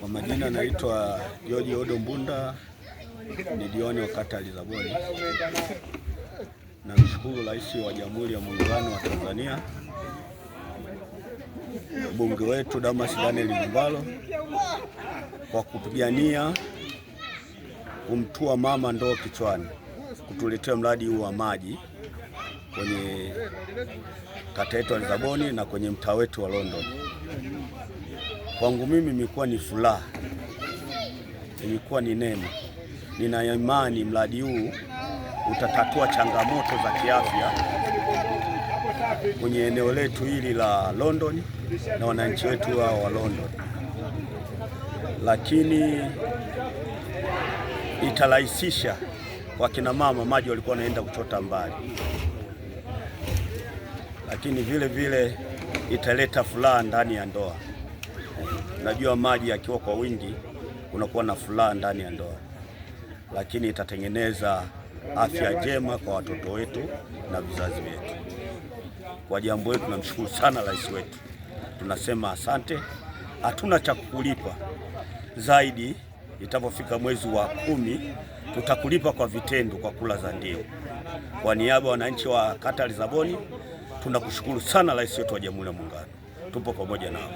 Kwa majina naitwa George Odo Mbunda, ni diwani wa kata ya Lizaboni. Namshukuru Rais wa Jamhuri ya Muungano wa Tanzania, mbunge wetu Damas Daniel Ndumbaro kwa kupigania kumtua mama ndoo kichwani, kutuletea mradi huu wa maji kwenye kata yetu ya Lizaboni na kwenye mtaa wetu wa London. Kwangu mimi imekuwa ni furaha, imekuwa ni neema. Nina imani mradi huu utatatua changamoto za kiafya kwenye eneo letu hili la London na wananchi wetu hao wa London, lakini itarahisisha wakina mama, maji walikuwa wanaenda kuchota mbali, lakini vile vile italeta furaha ndani ya ndoa. Najua maji yakiwa kwa wingi kunakuwa na furaha ndani ya ndoa, lakini itatengeneza afya njema kwa watoto wetu na vizazi vyetu. Kwa jambo hili tunamshukuru sana rais wetu, tunasema asante. Hatuna cha kukulipa zaidi, itapofika mwezi wa kumi tutakulipa kwa vitendo, kwa kula za ndio. Kwa niaba ya wananchi wa kata Lisaboni Tunakushukuru sana Rais wetu wa Jamhuri ya Muungano, tupo pamoja nao.